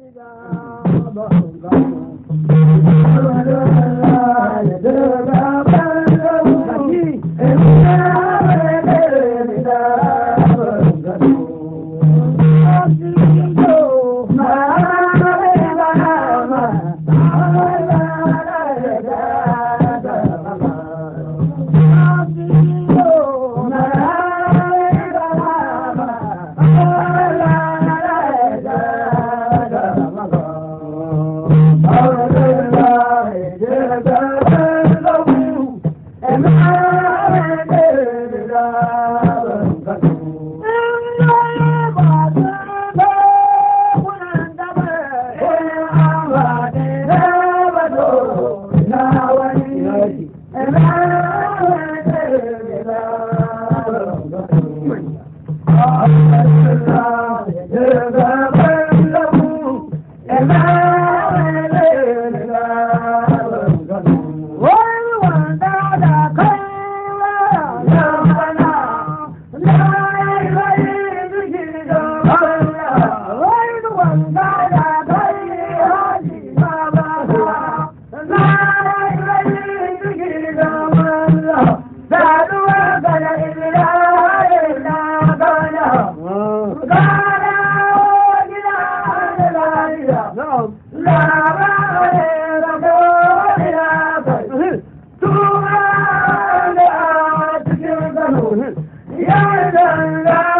Bye. Around Yeah, yeah, yeah.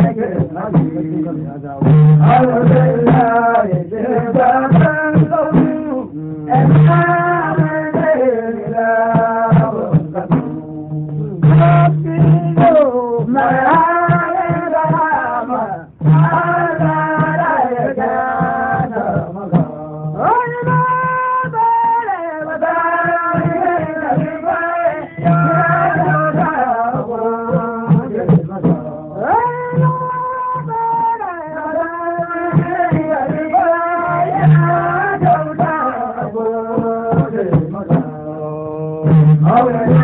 Àwọn ọ̀sẹ̀ ìlà ẹ̀jẹ̀ bàbá ń lọ́wọ́ ẹ̀ka. Olha